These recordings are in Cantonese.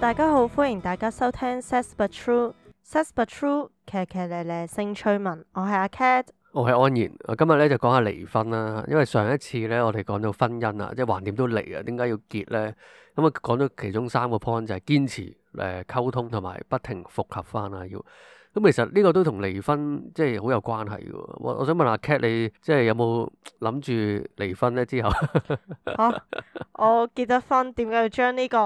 大家好，歡迎大家收聽 Says But True，Says But True，騎騎呢呢性趣聞。我係阿 Cat，我係安然。我今日咧就講下離婚啦，因為上一次咧我哋講到婚姻啦，即係橫掂都離啊，點解要結咧？咁、嗯、啊講咗其中三個 point 就係、是、堅持、誒、呃、溝通同埋不停復合翻啦，要。咁其實呢個都同離婚即係好有關係嘅。我我想問下 Cat，你即係有冇諗住離婚咧之後、 啊？我結咗婚，點解要將呢個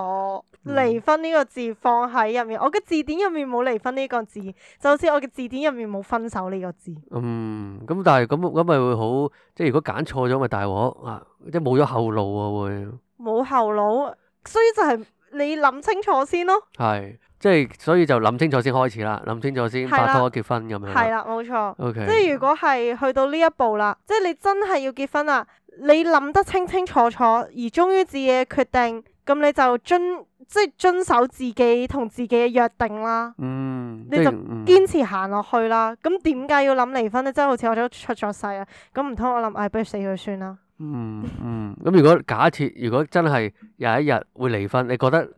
離婚呢個字放喺入面？嗯、我嘅字典入面冇離婚呢個字，就好似我嘅字典入面冇分手呢個字。嗯，咁但係咁咁咪會好，即係如果揀錯咗咪大鑊啊！即係冇咗後路啊會。冇後路，所以就係、是。你諗清楚先咯、哦，係即係所以就諗清楚先開始啦，諗清楚先拍拖的結婚咁樣，係啦冇錯。OK，即係如果係去到呢一步啦，即係你真係要結婚啦，你諗得清清楚楚而忠於自己嘅決定，咁你就遵即係遵守自己同自己嘅約定啦。嗯、你就堅持行落去啦。咁點解要諗離婚咧？即係好似我都出咗世啦，咁唔通我諗，唉，不如死咗算啦。嗯嗯，咁、嗯、如果假設如果真係有一日會離婚，你覺得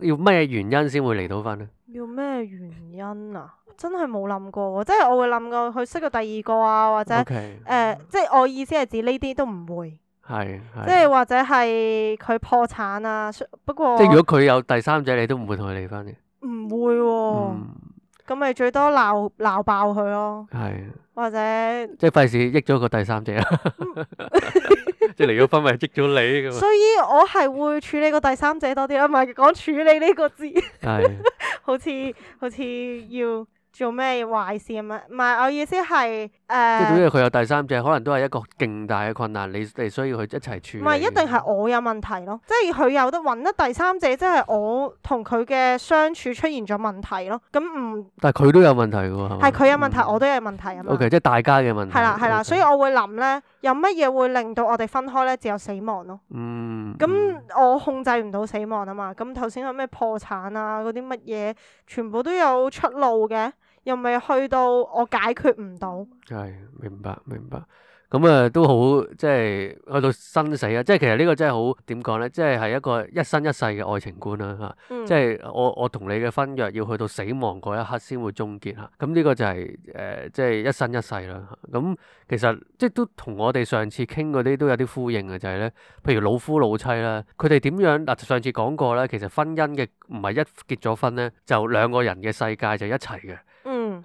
要咩原因先會離到婚咧？要咩原因啊？真係冇諗過，即係我會諗過佢識過第二個啊，或者誒 Okay.、呃，即係我意思係指呢啲都唔會係，即係或者係佢破產啊。不過即係如果佢有第三者，你都唔會同佢離婚嘅？唔會、啊。嗯咁咪最多鬧鬧爆佢咯，的或者即係費事益咗個第三者， 即係離咗婚咪益咗你。 所以我係會處理個第三者多啲啊，唔係講處理呢個字， 的 好似好似要。做咩壞事咁樣？唔係，我意思係誒。即係總之佢有第三者，可能都係一個勁大嘅困難，你哋需要佢一齊處理。唔係一定係我有問題咯，即係佢有得揾得第三者，即係我同佢嘅相處出現咗問題咯。咁唔，但係佢都有問題喎，係嘛？係佢有問題，嗯、我都有問題啊。OK，okay, 即係大家嘅問題。係啦，係啦，okay. 所以我會諗咧，有乜嘢會令到我哋分開咧？只有死亡咯。嗯。咁我控制唔到死亡啊嘛。咁頭先有咩破產啊？嗰啲乜嘢全部都有出路嘅。又未去到我解決唔到。係，明白明白。咁啊、呃、都好即係去到生死啊！即係其實呢個真係好點講咧，即係係一個一生一世嘅愛情觀啦嚇。嗯、即係我我同你嘅婚約要去到死亡嗰一刻先會終結嚇。咁、嗯、呢、這個就係、是、誒、呃、即係一生一世啦。咁、嗯、其實即都同我哋上次傾嗰啲都有啲呼應嘅，就係、是、咧，譬如老夫老妻啦，佢哋點樣嗱？上次講過咧，其實婚姻嘅唔係一結咗婚咧，就兩個人嘅世界就一齊嘅。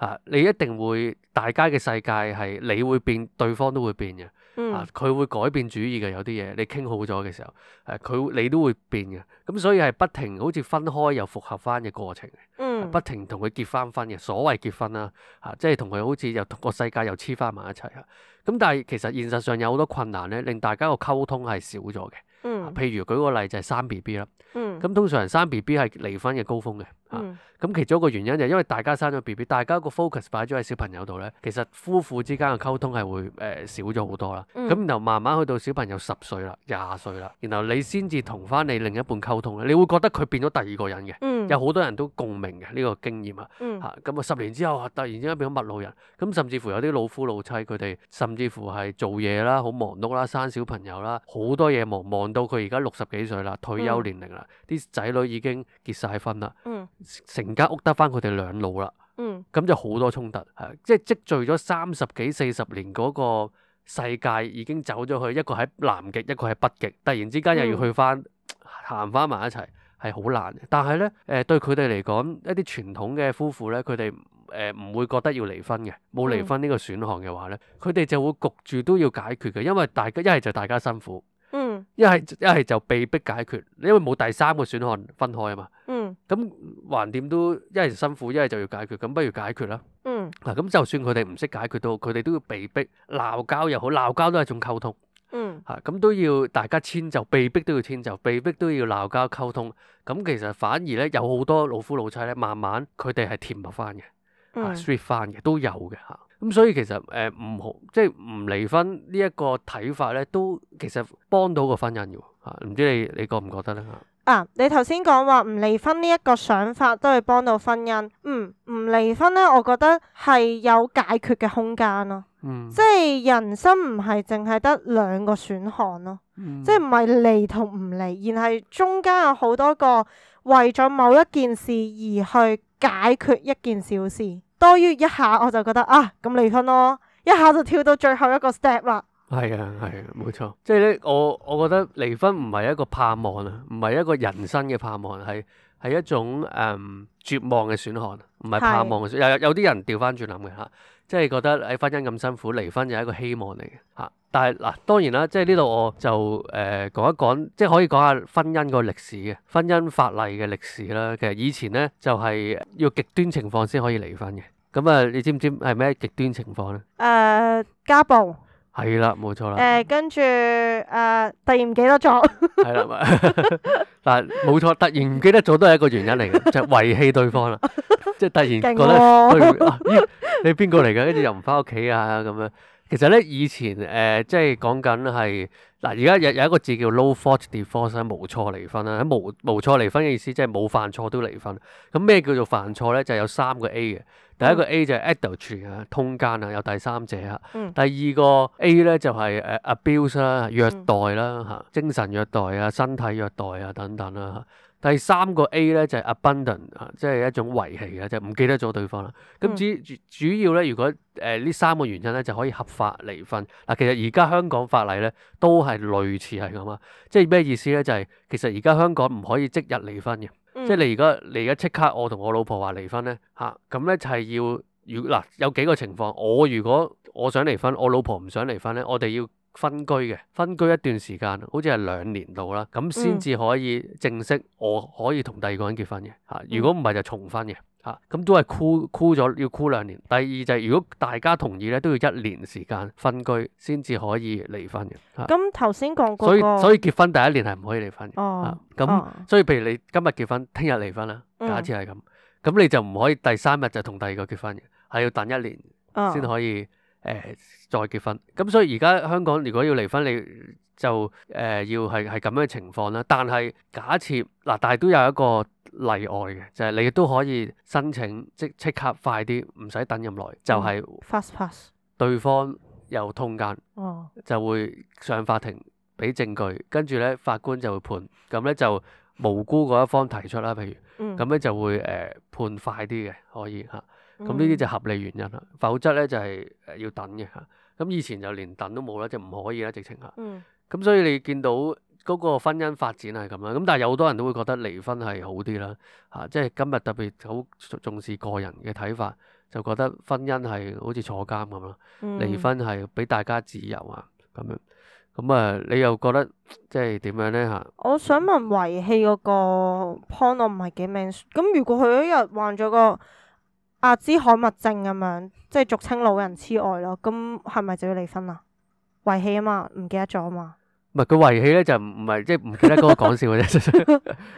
啊！你一定會，大家嘅世界係，你會變，對方都會變嘅。啊，佢會改變主意嘅，有啲嘢你傾好咗嘅時候，誒、啊，佢你都會變嘅。咁、啊、所以係不停好似分開又複合翻嘅過程，嗯、不停同佢結翻婚嘅，所謂結婚啦、啊，嚇、啊，即係同佢好似又同個世界又黐翻埋一齊啦。咁、啊、但係其實現實上有好多困難咧，令大家個溝通係少咗嘅。譬、嗯、如舉個例就係、是、生 B B 啦，咁、嗯、通常生 B B 係離婚嘅高峰嘅，咁、嗯啊、其中一個原因就係因為大家生咗 B B，大家個 focus 擺咗喺小朋友度咧，其實夫婦之間嘅溝通係會誒、呃、少咗好多啦，咁、嗯、然後慢慢去到小朋友十歲啦、廿歲啦，然後你先至同翻你另一半溝通咧，你會覺得佢變咗第二個人嘅。嗯嗯、有好多人都共鳴嘅呢、這個經驗啊，嚇咁啊十年之後突然之間變咗陌路人，咁甚至乎有啲老夫老妻佢哋，甚至乎係做嘢啦，好忙碌啦，生小朋友啦，好多嘢忙，忙到佢而家六十幾歲啦，退休年齡啦，啲仔、嗯、女已經結晒婚啦，嗯、成間屋得翻佢哋兩老啦，咁、嗯、就好多衝突，係即係積聚咗三十幾四十年嗰個世界已經走咗去，一個喺南極，一個喺北極，突然之間又要去翻行翻埋一齊。係好難，但係咧，誒、呃、對佢哋嚟講，一啲傳統嘅夫婦咧，佢哋誒唔會覺得要離婚嘅，冇離婚呢個選項嘅話咧，佢哋就會焗住都要解決嘅，因為大家一係就大家辛苦，嗯，一係一係就被逼解決，因為冇第三個選項分開啊嘛，嗯，咁橫掂都一係辛苦，一係就要解決，咁不如解決啦，嗱咁、嗯啊、就算佢哋唔識解決到，佢哋都要被逼鬧交又好，鬧交都係一種溝通。嗯，吓咁、啊、都要大家遷就，被逼都要遷就，被逼都要鬧交溝通。咁、啊、其實反而咧有好多老夫老妻咧，慢慢佢哋係甜蜜翻嘅、嗯啊、，sweet 翻嘅都有嘅吓。咁、啊、所以其實誒唔、呃、好即係唔離婚呢一個睇法咧，都其實幫到個婚姻嘅喎。唔知你你覺唔覺得咧吓？啊，你頭先講話唔離婚呢一個想法都係幫到婚姻。嗯，唔離婚咧，我覺得係有解決嘅空間咯、啊。嗯、即係人生唔係淨係得兩個選項咯，嗯、即係唔係離同唔離，而係中間有好多個為咗某一件事而去解決一件小事，多於一下我就覺得啊咁離婚咯，一下就跳到最後一個 step 啦。係啊係啊，冇錯、啊。即係咧，就是、我我覺得離婚唔係一個盼望啊，唔係一個人生嘅盼望，係係一種誒、嗯、絕望嘅選項，唔係盼望嘅選是有。有有啲人調翻轉諗嘅吓。即係覺得喺婚姻咁辛苦，離婚又係一個希望嚟嘅吓。但係嗱、啊，當然啦，即係呢度我就誒、呃，講一講，即係可以講下婚姻個歷史嘅，婚姻法例嘅歷史啦。其實以前咧就係、是、要極端情況先可以離婚嘅。咁啊，你知唔知係咩極端情況咧？誒、呃，家暴係啦，冇錯啦。誒、呃，跟住誒、呃，突然唔記得咗。係 啦 但係，冇錯，突然唔記得咗都係一個原因嚟嘅， 就遺棄對方啦， 即係突然覺得，啊，咦，你邊個嚟嘅？跟住又唔返屋企啊，咁、啊、樣。其實咧，以前誒、呃，即係講緊係。嗱，而家有有一個字叫 low fault divorce 啦，無錯離婚啦，喺無無錯離婚嘅意思即係冇犯錯都離婚。咁咩叫做犯錯咧？就係、有三個 A 嘅。第一個 A 就係 adultery 啊，通姦啊，有第三者啊。第二個 A 咧就係誒 abuse 啦，虐待啦，嚇，精神虐待啊，身體虐待啊等等啦。第三個 A 咧就係 abandon，嚇，即係一種遺棄嘅，就唔、是、記得咗對方啦。咁主主要咧，如果誒呢、呃、三個原因咧，就可以合法離婚。嗱，其實而家香港法例咧都係類似係咁啊，即係咩意思咧？就係、是、其實而家香港唔可以即日離婚嘅，嗯、即係你而家你而家即刻我同我老婆話離婚咧嚇，咁、啊、咧就係要，嗱、啊，有幾個情況，我如果我想離婚，我老婆唔想離婚咧，我哋要。分居嘅，分居一段時間，好似係兩年度啦，咁先至可以正式我可以同第二個人結婚嘅。吓、嗯，如果唔係就重婚嘅。吓，咁都係箍箍咗要箍兩年。第二就係、是、如果大家同意咧，都要一年時間分居先至可以離婚嘅。咁頭先講，是過所以所以結婚第一年係唔可以離婚嘅。哦，咁、哦、所以譬如你今日結婚，聽日離婚啦，假設係咁，咁、嗯、你就唔可以第三日就同第二個結婚嘅，係要等一年先可以。哦哦誒，再結婚咁，所以而家香港如果要離婚，你就誒、呃、要係係咁樣嘅情況啦。但係假設嗱、啊，但係都有一個例外嘅，就係、是、你都可以申請即即刻快啲，唔使等咁耐，就係、是、對方有通奸，就會上法庭俾證據，跟住咧法官就會判。咁咧就無辜嗰一方提出啦，譬如咁咧就會誒、呃、判快啲嘅，可以嚇。咁呢啲就合理原因啦，否則咧就係誒要等嘅嚇。咁以前就連等都冇啦，就唔可以啦，直情嚇。咁、嗯、所以你見到嗰個婚姻發展係咁樣。咁但係有好多人都會覺得離婚係好啲啦嚇，即係今日特別好重視個人嘅睇法，就覺得婚姻係好似坐監咁啦，嗯、離婚係俾大家自由啊咁樣。咁啊，你又覺得即係點樣咧嚇？啊、我想問遺棄嗰個 point 我唔係幾明。咁如果佢一日患咗個阿茲海默症咁樣，即係俗稱老人痴呆咯。咁係咪就要離婚啊？遺棄啊嘛，唔記得咗啊嘛。唔係佢遺棄咧，就唔唔係即係唔記得嗰個講笑嘅啫。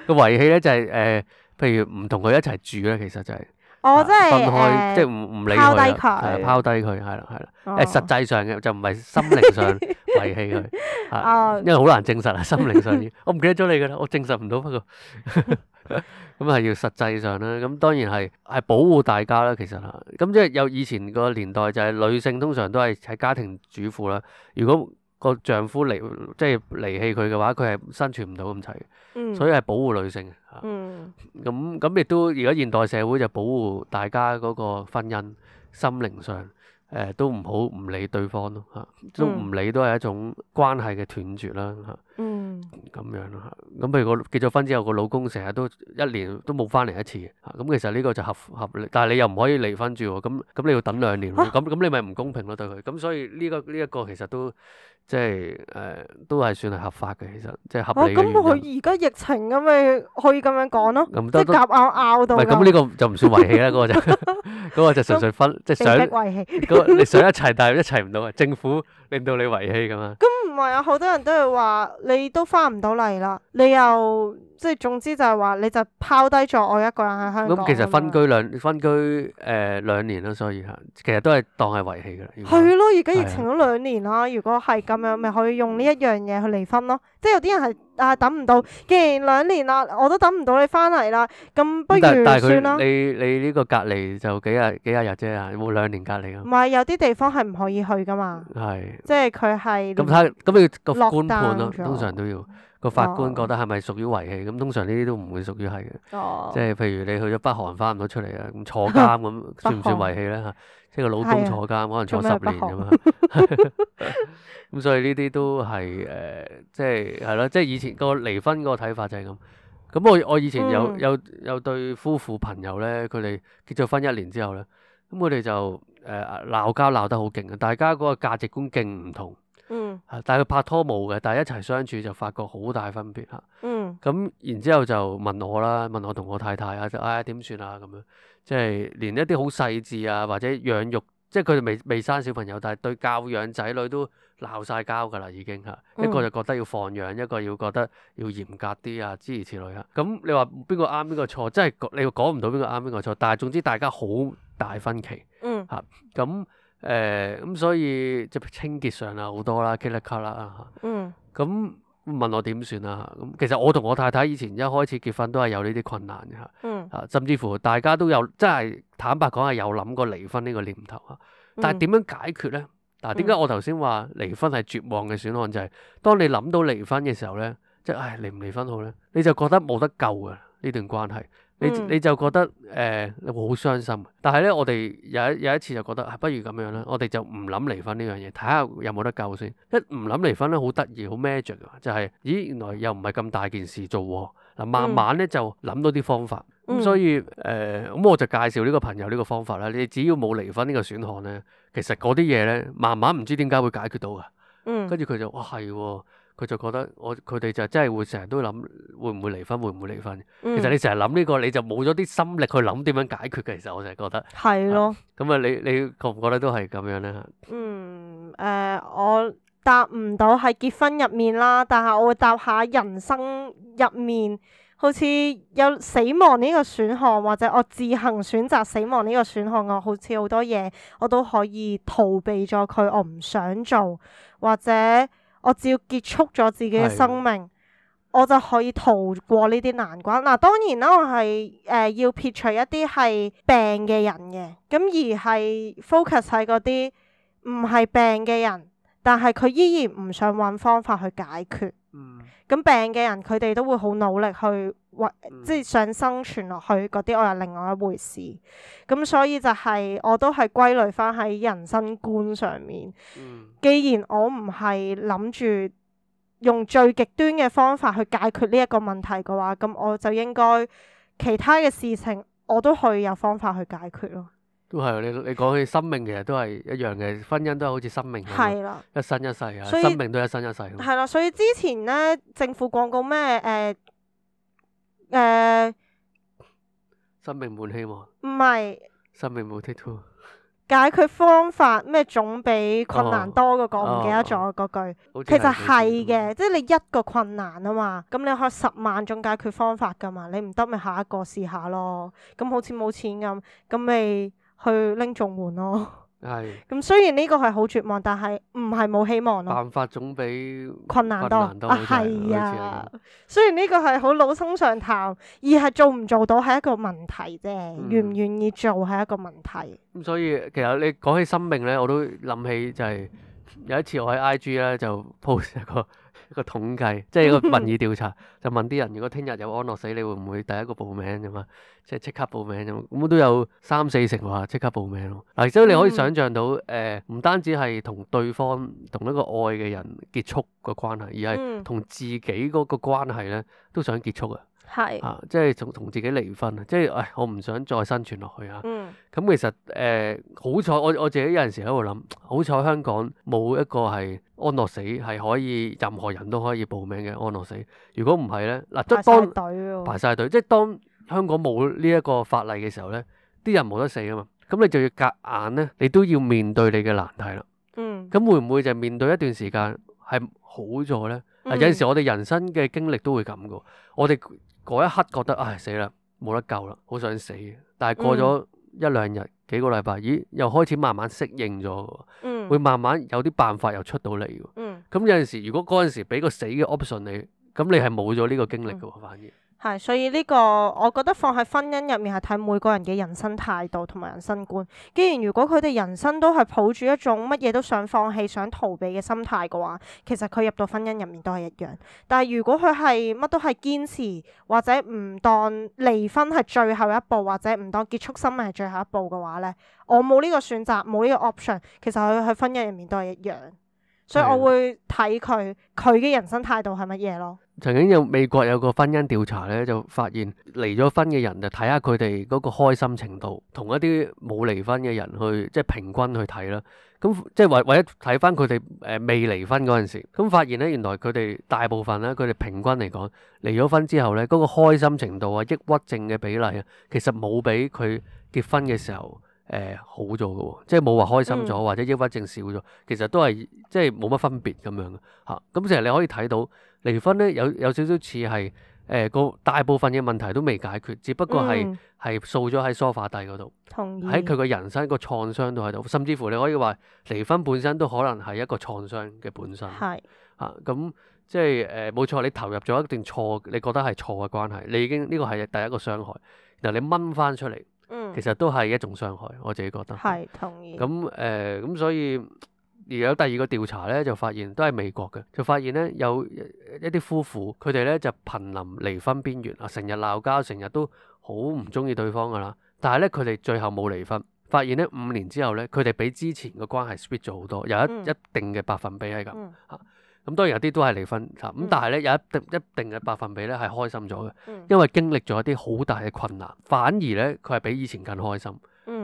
個 遺棄咧就係、是、誒、呃，譬如唔同佢一齊住咧，其實就係、是。我真係分開，即係唔唔理佢，係啊，拋低佢，係啦，係啦、哦，誒，實際上嘅就唔係心靈上遺棄佢，係、 啊，因為好難證實啊，心靈上 我唔記得咗你噶啦，我證實唔到，不過，咁係要實際上啦，咁當然係係保護大家啦，其實吓，咁即係有以前個年代就係、是、女性通常都係喺家庭主婦啦，如果，個丈夫離即係離棄佢嘅話，佢係生存唔到咁滯，所以係保護女性嘅。咁咁亦都而家現代社會就保護大家嗰個婚姻，心靈上誒、呃、都唔好唔理對方咯嚇、啊，都唔理都係一種關係嘅斷絕啦嚇。咁、啊啊嗯、樣咯，咁譬如個結咗婚之後個老公成日都一年都冇翻嚟一次咁、啊、其實呢個就合合理，但係你又唔可以離婚住喎，咁咁你要等兩年咁咁、啊啊、你咪唔公平咯對佢。咁所以呢、呢個呢一、呢個其實都。即係誒、呃，都係算係合法嘅，其實即係合理嘅。咁佢而家疫情咁，咪可以咁樣講咯，嗯、即係夾硬拗，拗到。唔係，咁、這、呢個就唔算遺棄啦。嗰個就嗰個就純粹分，嗯、即係想遺棄。嗰 個你想一齊，但係一齊唔到啊！政府令到你遺棄咁啊。 仲有好多人都係話你都翻唔到嚟啦，你又即係總之就係話你就拋低咗我一個人喺香港。咁其實分居兩分居誒、呃、兩年啦，所以係其實都係當係遺棄㗎啦。係咯，而家疫情都兩年啦，是的 如果係咁樣，咪可以用呢一樣嘢去離婚咯。即係有啲人係啊等唔到，既然兩年啦，我都等唔到你翻嚟啦，咁不如算啦。你你呢個隔離就幾，幾日幾廿日啫啊！有冇兩年隔離㗎？唔係，有啲地方係唔可以去㗎嘛。係，即係佢係。咁睇，咁要個官判咯，通常都要。個法官覺得係咪屬於遺棄？咁、oh. 通常呢啲都唔會屬於係嘅，oh. 即係譬如你去咗北韓翻唔到出嚟啊，咁坐監咁算唔算遺棄咧？ 北韓。即係個老公坐監， 可能坐十年咁啊。咁所以呢啲都係誒、呃，即係係咯，即係以前個離婚個睇法就係咁。咁我我以前有、嗯、有有對夫婦朋友咧，佢哋結咗婚一年之後咧，咁佢哋就誒鬧交鬧得好勁啊，大家嗰個價值觀勁唔同。嗯、但係佢拍拖冇嘅，但係一齊相處就發覺好大分別吓。咁、嗯啊、然之後就問我啦，問我同我太太、哎、啊，就唉點算啊咁樣，即係連一啲好細緻啊，或者養育，即係佢哋未未生小朋友，但係對教養仔女都鬧晒交噶啦，已經吓。一個就覺得要放養、嗯、養，一個要覺得要嚴格啲啊，諸如此類啦。咁你話邊個啱邊個錯，即係你講唔到邊個啱邊個錯，但係總之大家好大分歧。嗯，咁、嗯。嗯。誒咁、呃嗯、所以即係清潔上啦好多啦，killicar 啦嚇，咁、啊嗯嗯、問我點算啊？咁其實我同我太太以前一開始結婚都係有呢啲困難嘅嚇、嗯啊，甚至乎大家都有真係坦白講係有諗過離婚呢個念頭嚇、啊，但係點樣解決咧？嗱、啊，點解我頭先話離婚係絕望嘅選項就係、是嗯、當你諗到離婚嘅時候咧，即、就、係、是、唉離唔離婚好咧，你就覺得冇得救嘅呢段關係。你你就覺得誒會好傷心，但係咧，我哋有一有一次就覺得，啊、不如咁樣啦，我哋就唔諗離,離婚呢樣嘢，睇下有冇得救先。一唔諗離婚咧，好得意，好 magic 啊！就係、是，咦，原來又唔係咁大件事做喎。嗱，慢慢咧就諗多啲方法。咁、嗯嗯、所以誒，咁、呃、我就介紹呢個朋友呢個方法啦。你只要冇離婚呢個選項咧，其實嗰啲嘢咧，慢慢唔知點解會解決到噶。跟住佢就，哇、哦，係喎、哦。佢就覺得我佢哋就真係會成日都諗會唔會離婚，會唔會離婚？嗯、其實你成日諗呢個，你就冇咗啲心力去諗點樣解決嘅。其實我就係覺得係咯。咁啊、嗯，你你覺唔覺得都係咁樣咧？嗯誒、呃，我答唔到喺結婚入面啦，但係我會答下人生入面，好似有死亡呢個選項，或者我自行選擇死亡呢個選項。我好似好多嘢我都可以逃避咗佢，我唔想做或者。我只要結束咗自己嘅生命，的我就可以逃過呢啲難關。嗱，當然啦，我係誒、呃、要撇除一啲係病嘅人嘅，咁而係 focus 喺嗰啲唔係病嘅人，但係佢依然唔想揾方法去解決。嗯，咁病嘅人佢哋都會好努力去。為即係想生存落去嗰啲，我係另外一回事。咁所以就係，我都係歸類翻喺人生觀上面。嗯、既然我唔係諗住用最極端嘅方法去解決呢一個問題嘅話，咁我就應該其他嘅事情我都去有方法去解決咯。都係你你講起生命，其實都係一樣嘅，婚姻都係好似生命一樣係啦，的一生一世啊，以生命都係一生一世。係啦，所以之前咧，政府廣告咩誒？呃誒，uh, 生命滿希望。唔係是。生命冇 Take 2。解決方法咩總比困難多嘅我唔記得咗嗰句，oh. 其實係嘅，oh. 即係你一個困難啊嘛，咁你可以十萬種解決方法噶嘛，你唔得咪下一個試下咯，咁好似冇錢咁，咁咪去拎綜援咯。係，咁是、嗯、雖然呢個係好絕望，但係唔係冇希望咯。辦法總比困難多，係啊。啊雖然呢個係好老生常談，而係做唔做到係一個問題啫，願唔願意做係一個問題。咁、嗯、所以其實你講起生命咧，我都諗起就係有一次我喺 IG 咧就 post 一個。一個統計，即係一個民意調查， 就問啲人：如果聽日有安樂死，你會唔會第一個報名咁啊？即係即刻報名咁，咁都有三四成話、啊、即刻報名咯。嗱，所以你可以想象到，誒、 呃，唔單止係同對方同一個愛嘅人結束個關係，而係同自己嗰個關係咧，都想結束啊。係是啊，即係同同自己離婚啊，即係，唉，我唔想再生存落去啊。咁、嗯、其實誒，呃、好彩我我自己有陣時喺度諗，好彩香港冇一個係安樂死，係可以任何人都可以報名嘅安樂死。如果唔係咧，嗱、啊，即係當排晒隊，即係當香港冇呢一個法例嘅時候咧，啲人冇得死啊嘛。咁你就要夾硬咧，你都要面對你嘅難題啦。嗯，咁會唔會就係面對一段時間係好咗咧、嗯啊？有陣時我哋人生嘅經歷都會咁噶，我哋。嗰一刻覺得，唉，死啦，冇得救啦，好想死嘅。但係過咗一兩日、嗯、幾個禮拜，咦，又開始慢慢適應咗喎，嗯、會慢慢有啲辦法又出到嚟喎。咁、嗯嗯、有陣時，如果嗰陣時俾個死嘅 option 你，咁你係冇咗呢個經歷㗎喎，嗯、反而。係，所以呢個我覺得放喺婚姻入面係睇每個人嘅人生態度同埋人生觀。既然如果佢哋人生都係抱住一種乜嘢都想放棄、想逃避嘅心態嘅話，其實佢入到婚姻入面都係一樣。但係如果佢係乜都係堅持，或者唔當離婚係最後一步，或者唔當結束生命係最後一步嘅話咧，我冇呢個選擇，冇呢個 option。其實佢喺婚姻入面都係一樣，所以我會睇佢佢嘅人生態度係乜嘢咯。曾經有美國有個婚姻調查咧，就發現離咗婚嘅人就睇下佢哋嗰個開心程度，同一啲冇離婚嘅人去即係平均去睇啦。咁即係為為咗睇翻佢哋誒未離婚嗰陣時，咁發現咧原來佢哋大部分咧，佢哋平均嚟講離咗婚之後咧，嗰個開心程度啊、抑鬱症嘅比例啊，其實冇比佢結婚嘅時候。誒、呃，好咗㗎喎，即係冇話開心咗，或者抑鬱症少咗，嗯、其實都係即係冇乜分別咁樣嘅吓。咁其實你可以睇到離婚咧，有有少少似係誒個大部分嘅問題都未解決，只不過係係掃咗喺梳化底嗰度，喺佢個人生個創傷都喺度，甚至乎你可以話離婚本身都可能係一個創傷嘅本身。吓咁是、啊、即係誒，冇、呃、錯，你投入咗一段錯，你覺得係錯嘅關係，你已經呢個係第一個傷害。然後你掹翻出嚟。嗯、其實都係一種傷害，我自己覺得。係，同意。咁誒、嗯，咁、呃嗯、所以而有第二個調查咧，就發現都係美國嘅，就發現咧有一啲夫婦，佢哋咧就瀕臨離婚邊緣啊，成日鬧交，成日都好唔中意對方噶啦。但係咧，佢哋最後冇離婚，發現咧五年之後咧，佢哋比之前嘅關係 sweet 咗好多，有一、嗯、一定嘅百分比係咁。嗯嗯咁、嗯、當然有啲都係離婚，咁但係咧有一定一定嘅百分比咧係開心咗嘅，因為經歷咗一啲好大嘅困難，反而咧佢係比以前更開心，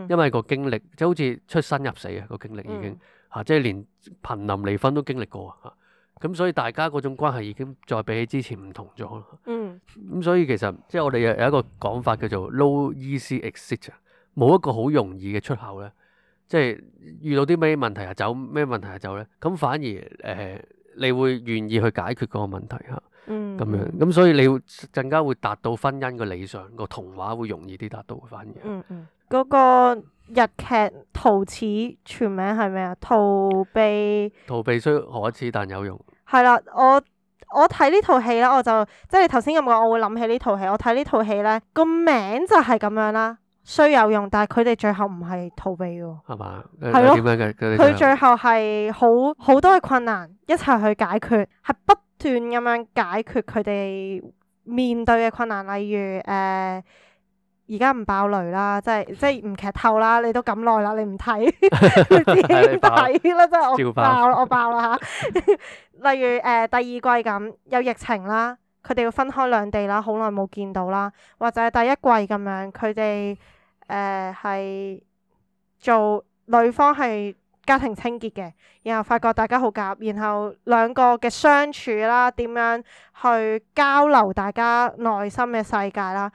因為個經歷即係好似出生入死啊，個經歷已經嚇、嗯啊，即係連瀕臨離婚都經歷過啊，咁所以大家嗰種關係已經再比起之前唔同咗咯。咁、嗯啊、所以其實即係我哋有有一個講法叫做 no easy exit 啊，冇一個好容易嘅出口咧，即係遇到啲咩問題啊走，咩問題啊走咧，咁反而誒。呃你會願意去解決嗰個問題嚇，咁、嗯、樣咁所以你會更加會達到婚姻嘅理想、個童話會容易啲達到反而。嗯嗯，嗰、嗯嗰個日劇逃避全名係咩啊？逃避逃避雖可恥但有用係啦。我我睇呢套戲咧，我就即係你頭先咁講，我會諗起呢套戲。我睇呢套戲咧個名就係咁樣啦。雖有用，但係佢哋最後唔係逃避喎。係嘛？係咯。佢噢最後係好好多嘅困難一齊去解決，係不斷咁樣解決佢哋面對嘅困難。例如誒，而家唔爆雷啦，即係即係唔劇透啦。你都咁耐啦，你唔睇點睇啦？即 係、 哎、 我爆啦！我爆啦吓！笑爆 例如誒、呃，第二季咁有疫情啦。佢哋要分開兩地啦，好耐冇見到啦，或者係第一季咁樣，佢哋誒係做女方係家庭清潔嘅，然後發覺大家好夾，然後兩個嘅相處啦，點樣去交流大家內心嘅世界啦，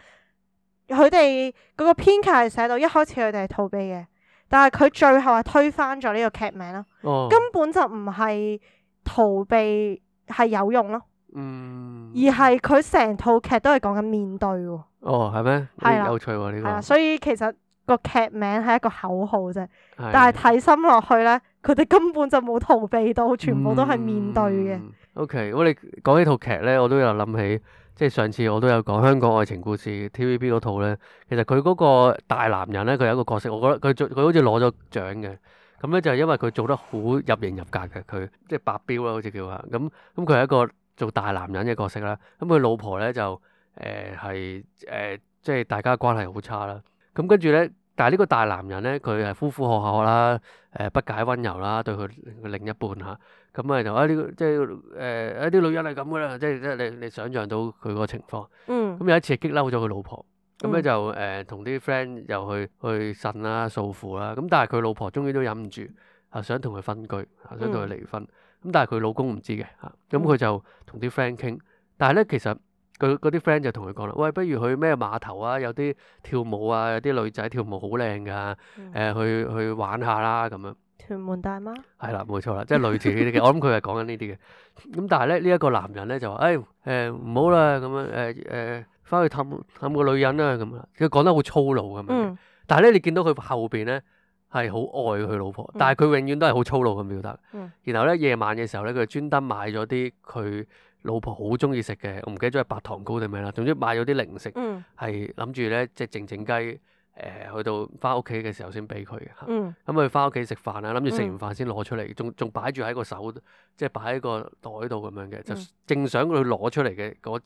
佢哋嗰個編劇係寫到一開始佢哋係逃避嘅，但係佢最後係推翻咗呢個劇名咯，哦、根本就唔係逃避係有用咯。嗯，而係佢成套劇都係講緊面對喎。哦，係咩？係啊，有趣喎呢個。係啊，所以其實個劇名係一個口號啫，的但係睇深落去咧，佢哋根本就冇逃避到，全部都係面對嘅。O K，如果你講呢套劇咧，我都有諗起，即係上次我都有講香港愛情故事 T V B 嗰套咧，其實佢嗰個大男人咧，佢有一個角色，我覺得佢做佢好似攞咗獎嘅，咁咧就係因為佢做得好入型入格嘅，佢即係白彪啦，好似叫啊，咁咁佢係一個。做大男人嘅角色啦，咁佢老婆咧就，誒係誒即係大家關係好差啦，咁跟住咧，但係呢個大男人咧，佢係呼呼喝喝啦，誒不、呃、解溫柔啦，對佢另一半吓，咁咪就啊呢即係誒啊啲、這個這個呃、女人係咁噶啦，即係即係你你想象到佢個情況，咁、嗯嗯、有一次激嬲咗佢老婆，咁、嗯、咧、嗯、就誒同啲 friend 又去去呻啦、訴苦啦，咁但係佢老婆終於都忍唔住，啊想同佢分居，想同佢離婚。嗯咁但係佢老公唔知嘅，嚇，咁佢就同啲 friend 傾。但係咧，其實佢嗰啲 friend 就同佢講啦，喂，不如去咩碼頭啊？有啲跳舞啊，有啲女仔跳舞好靚㗎，誒、嗯呃，去去玩下啦咁樣。屯門大媽係啦，冇、嗯、錯啦，即係類似 呢啲嘅。我諗佢係講緊呢啲嘅。咁但係咧，呢一個男人咧就話，誒誒唔好啦，咁樣誒誒，返、呃呃、去氹氹個女人啦咁啦。佢講得好粗魯咁樣，嗯、但係咧你見到佢後邊咧。係好愛佢老婆，嗯、但係佢永遠都係好粗魯咁表達。嗯、然後呢，夜晚嘅時候呢，佢專登買咗啲佢老婆好中意食嘅，我唔記得咗係白糖糕定咩啦。總之買咗啲零食，係諗住呢即係靜靜雞誒去到翻屋企嘅時候先俾佢。咁佢翻屋企食飯啦，諗住食完飯先攞出嚟，仲仲擺住喺個手，即係擺喺個袋度咁樣嘅，嗯、就正想佢攞出嚟嘅嗰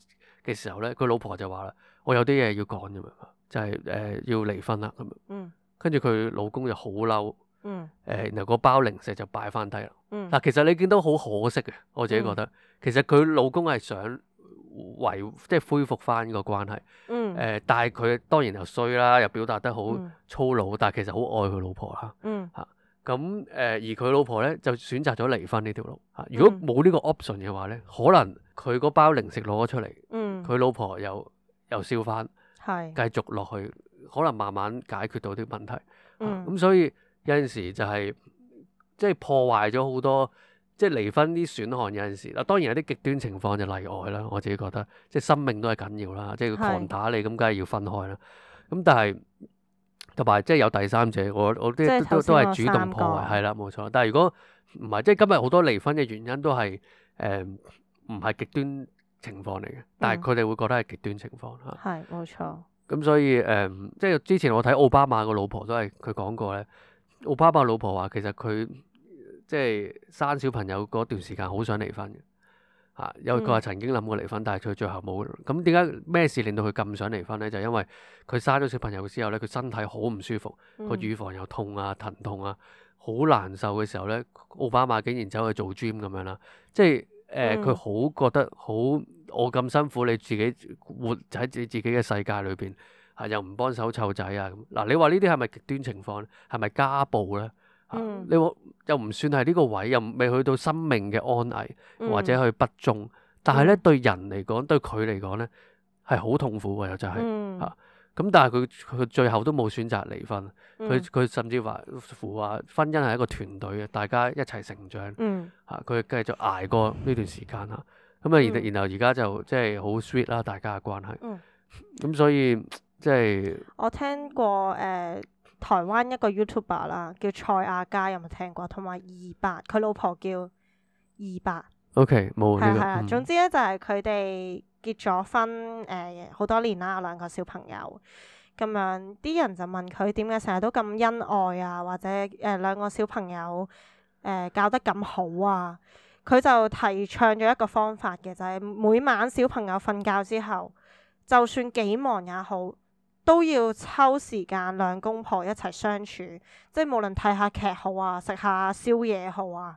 時候呢，佢老婆就話啦：我有啲嘢要講咁、就係呃、樣，就係誒要離婚啦咁樣。跟住佢老公又好嬲，誒、嗯呃，然後嗰包零食就擺翻低啦。嗱、嗯，其實你見到好可惜嘅，我自己覺得，嗯、其實佢老公係想維即係恢復翻呢個關係，誒、嗯呃，但係佢當然又衰啦，又表達得好粗魯，但係其實好愛佢老婆嚇，嚇咁誒，而佢老婆咧就選擇咗離婚呢條路嚇、啊。如果冇呢個 option 嘅話咧，可能佢嗰包零食攞咗出嚟，佢、嗯嗯、老婆又又笑翻，係繼續落去。可能慢慢解決到啲問題，咁、嗯嗯、所以有陣時就係即係破壞咗好多即係、就是、離婚啲損害。有陣時嗱，當然有啲極端情況就例外啦。我自己覺得，即、就、係、是、生命都係緊要啦，即、就、係、是、狂打你，咁梗係要分開啦。咁但係同埋即係有第三者，我我啲都都係主動破壞，係啦個，冇錯。但係如果唔係，即、就、係、是、今日好多離婚嘅原因都係誒唔係極端情況嚟嘅，但係佢哋會覺得係極端情況嚇，係冇、嗯、錯。咁所以誒、嗯，即係之前我睇奧巴馬個老婆都係佢講過咧，奧巴馬老婆話其實佢即係生小朋友嗰段時間好想離婚嘅，嚇有佢話曾經諗過離婚，但係佢最後冇。咁點解咩事令到佢咁想離婚咧？就係、因為佢生咗小朋友之後咧，佢身體好唔舒服，個乳房又痛啊、疼痛啊，好難受嘅時候咧，奧巴馬竟然走去做 gym 咁樣啦，即係誒佢好覺得好。我咁辛苦，你自己活喺自己自己嘅世界裏邊，啊又唔幫手湊仔啊咁。嗱，你話呢啲係咪極端情況咧？係咪家暴咧？啊嗯、你話又唔算係呢個位，又未去到生命嘅安危或者去不忠，但係咧對人嚟講，對佢嚟講咧係好痛苦又就係、是、吓。咁、啊、但係佢佢最後都冇選擇離婚，佢佢、嗯、甚至話，話婚姻係一個團隊嘅，大家一齊成長，吓佢繼續挨過呢段時間吓。咁啊，然、嗯、然後而家就即係、就、好、是、sweet 啦、啊，大家嘅關係。嗯。咁、嗯、所以即係、就是、我聽過誒、呃、台灣一個 YouTuber 啦，叫蔡阿嘎，有冇聽過？同埋二伯，佢老婆叫二伯。O.K. 冇。係係啊，總之咧就係佢哋結咗婚誒好多年啦，有兩個小朋友咁樣。啲人就問佢點解成日都咁恩愛啊，或者誒兩、呃、個小朋友誒教、呃、得咁好啊？佢就提倡咗一個方法嘅，就係每晚小朋友瞓覺之後，就算幾忙也好，都要抽時間兩公婆一齊相處，即係無論睇下劇好啊，食下宵夜好啊，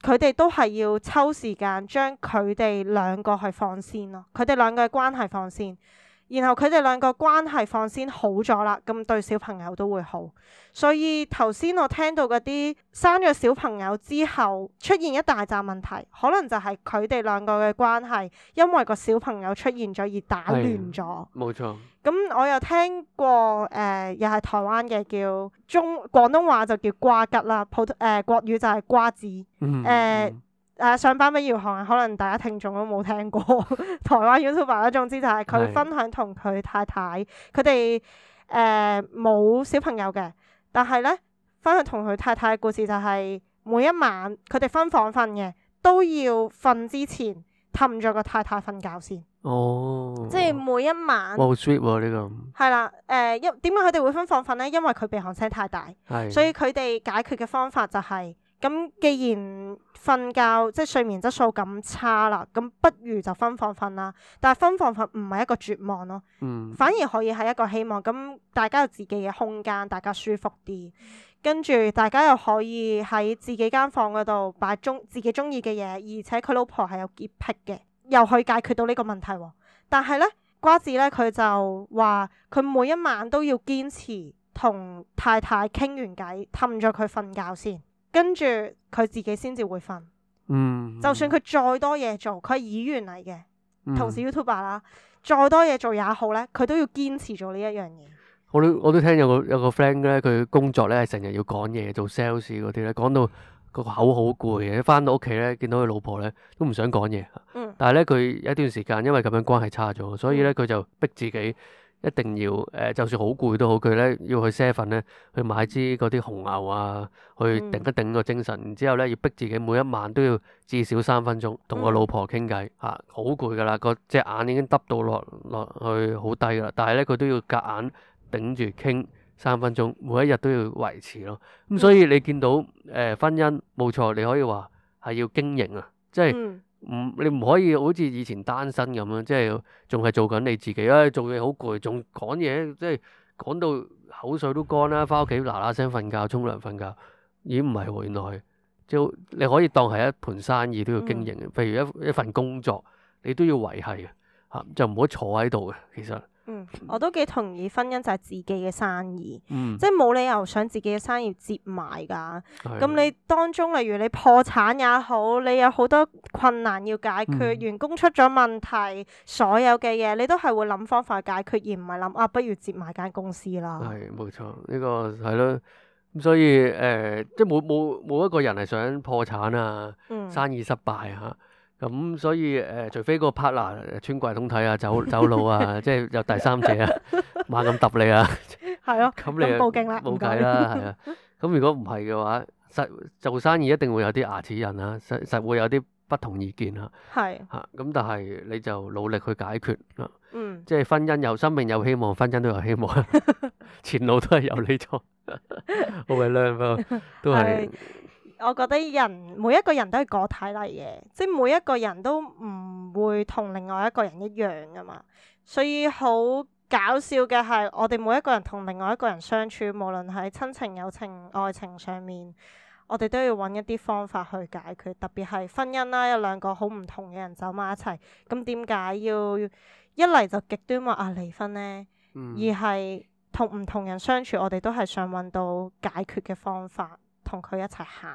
佢哋都係要抽時間將佢哋兩個去放先咯，佢哋兩個嘅關係放先。然後佢哋兩個關係放先好咗啦，咁對小朋友都會好。所以頭先我聽到嗰啲生咗小朋友之後出現一大扎問題，可能就係佢哋兩個嘅關係因為個小朋友出現咗而打亂咗。冇錯。咁我又聽過誒、呃，又係台灣嘅叫中廣東話就叫瓜吉啦，普通誒、呃、國語就係瓜子。誒。誒上班俾遙航，可能大家聽眾都冇聽過台灣 YouTuber 啦。總之就係佢分享同佢太太，佢哋誒冇小朋友嘅，但係咧分享同佢太太嘅故事就係、係、每一晚佢哋分房瞓嘅，都要瞓之前氹咗個太太瞓覺先。哦，即係每一晚。好 sweet 喎呢個。係啦，誒、呃，因點解佢哋會分房瞓咧？因為佢鼻鼾聲太大，的所以佢哋解決嘅方法就係、係。咁既然瞓覺即係睡眠質素咁差啦，咁不如就分房瞓啦。但係分房瞓唔係一個絕望咯，嗯、反而可以係一個希望。咁大家有自己嘅空間，大家舒服啲，跟住大家又可以喺自己間房嗰度擺中自己中意嘅嘢。而且佢老婆係有潔癖嘅，又可以解決到呢個問題喎。但係呢，瓜子呢，佢就話佢每一晚都要堅持同太太傾完偈，氹咗佢瞓覺先。跟住佢自己先至會瞓，嗯，嗯，就算佢再多嘢做，佢係議員嚟嘅，嗯，同時 YouTuber 啦，再多嘢做也好咧，佢都要堅持做呢一樣嘢。我都我都聽有個有個 friend 咧，佢工作咧，成日要講嘢做 sales 嗰啲咧，講到個口好攰嘅，翻到屋企咧，見到佢老婆咧都唔想講嘢，嗯，但係咧佢有一段時間因為咁樣關係差咗，所以咧佢就逼自己。一定要誒、呃，就算好攰都好，佢咧要去 set 粉咧，去買支嗰啲紅牛啊，去頂一頂個精神。嗯、然之後咧，要逼自己每一晚都要至少三分鐘同個老婆傾偈嚇，好攰噶啦，個隻、啊、眼已經耷到落落去好低噶啦，但係咧佢都要夾硬頂住傾三分鐘，每一日都要維持咯。咁、嗯嗯、所以你見到誒、呃、婚姻冇錯，你可以話係要經營啊，即係、嗯。唔，你唔可以好似以前單身咁樣，即係仲係做緊你自己啊、哎！做嘢好攰，仲講嘢，即係講到口水都乾啦。翻屋企嗱嗱聲瞓覺，沖涼瞓覺，咦唔係喎，原來就你可以當係一盤生意都要經營。嗯、譬如一一份工作，你都要維繫啊，就唔好坐喺度嘅，其實。嗯，我都幾同意婚姻就係自己嘅生意，嗯、即係冇理由想自己嘅生意接埋㗎。咁的你當中，例如你破產也好，你有好多困難要解決，嗯、員工出咗問題，所有嘅嘢你都係會諗方法解決，而唔係諗啊，不如接埋間公司啦。係冇錯，呢、呢個係咯。咁所以誒、呃，即係冇冇冇一個人係想破產啊，嗯、生意失敗啊。咁所以誒，除非嗰個 partner 穿櫃桶底啊，走走佬啊，即係有第三者啊，猛咁揼你啊，係咯，咁你報警啦，冇計啦，係啊。咁如果唔係嘅話，實做生意一定會有啲牙齒印啦，實實會有啲不同意見啦，係嚇。咁但係你就努力去解決啊，嗯，即係婚姻有生命有希望，婚姻都有希望，前路都係由你做，我係兩方都係。我覺得人每一個人都係個體嚟嘅，即係每一個人都唔會同另外一個人一樣㗎嘛。所以好搞笑嘅係，我哋每一個人同另外一個人相處，無論喺親情、友情、愛情上面，我哋都要揾一啲方法去解決。特別係婚姻啦，有兩個好唔同嘅人走埋一齊，咁點解要一嚟就極端話啊離婚呢？嗯、而係同唔同人相處，我哋都係想揾到解決嘅方法。同佢一齊行。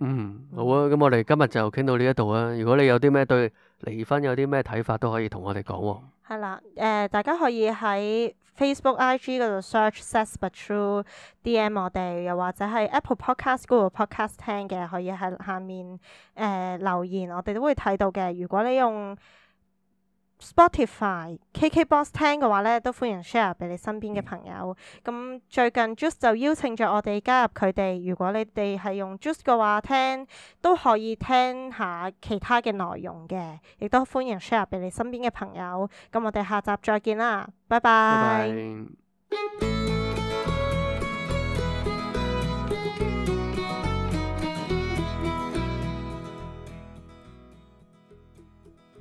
嗯，好啊，咁我哋今日就傾到呢一度啊。如果你有啲咩對離婚有啲咩睇法，都可以同我哋講喎。係啦，誒、呃，大家可以喺 Facebook、IG 嗰度 search Sess Butchul，DM 我哋，又或者係 Apple Podcast、Google Podcast 聽嘅，可以喺下面誒、呃、留言，我哋都會睇到嘅。如果你用 Spotify、KKbox 聽嘅話咧，都歡迎 share 俾你身邊嘅朋友。咁、嗯、最近 Juice 就邀請咗我哋加入佢哋，如果你哋係用 Juice 嘅話聽，都可以聽下其他嘅內容嘅，亦都歡迎 share 俾你身邊嘅朋友。咁我哋下集再見啦，拜拜 bye bye。